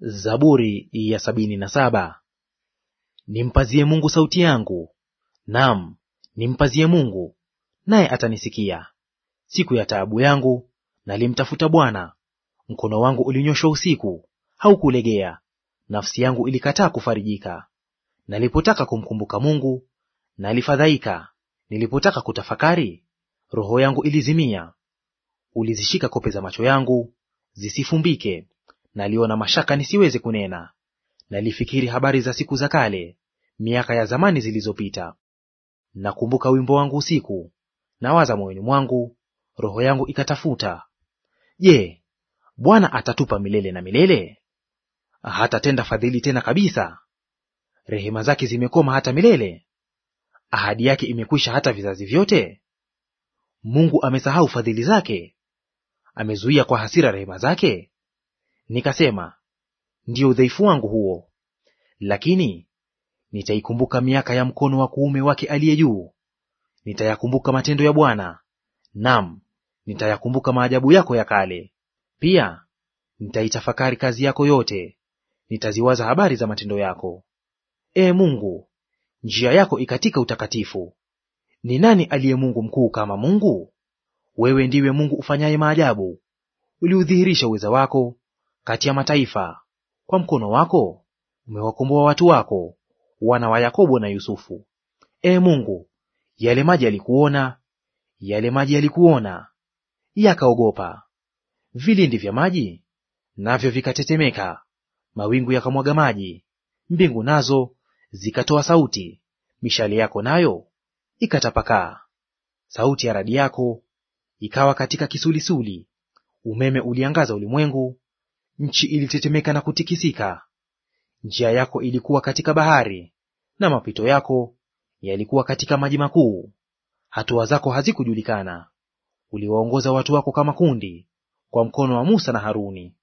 Zaburi ya sabini na saba. Nimpazie Mungu sauti yangu, naam, nimpazie Mungu, naye atanisikia. Siku ya taabu yangu nalimtafuta Bwana. Mkono wangu ulinyoshwa usiku, haukulegea; nafsi yangu ilikataa kufarijika. Nalipotaka kumkumbuka Mungu nalifadhaika; nilipotaka kutafakari, roho yangu ilizimia. Ulizishika kope za macho yangu zisifumbike naliona mashaka nisiweze kunena. Nalifikiri habari za siku za kale, miaka ya zamani zilizopita. Nakumbuka wimbo wangu usiku, nawaza moyoni mwangu, roho yangu ikatafuta. Je, Bwana atatupa milele na milele? Hatatenda fadhili tena kabisa? Rehema zake zimekoma hata milele? Ahadi yake imekwisha hata vizazi vyote? Mungu amesahau fadhili zake? Amezuia kwa hasira rehema zake? Nikasema, ndiyo udhaifu wangu huo, lakini nitaikumbuka miaka ya mkono wa kuume wake aliye juu, nitayakumbuka matendo ya Bwana, nam nitayakumbuka maajabu yako ya kale. Pia nitaitafakari kazi yako yote, nitaziwaza habari za matendo yako. Ee Mungu, njia yako ikatika utakatifu. Ni nani aliye Mungu mkuu kama Mungu? Wewe ndiwe Mungu ufanyaye maajabu. Uliudhihirisha uweza wako kati ya mataifa. Kwa mkono wako umewakomboa watu wako, wana wa Yakobo na Yusufu. Ee Mungu, yale maji yalikuona, yale maji yalikuona, yakaogopa. Vilindi vya maji navyo vikatetemeka, mawingu yakamwaga maji, mbingu nazo zikatoa sauti, mishale yako nayo ikatapakaa. Sauti ya radi yako ikawa katika kisulisuli, umeme uliangaza ulimwengu nchi ilitetemeka na kutikisika. Njia yako ilikuwa katika bahari, na mapito yako yalikuwa katika maji makuu. Hatua zako hazikujulikana. Uliwaongoza watu wako kama kundi, kwa mkono wa Musa na Haruni.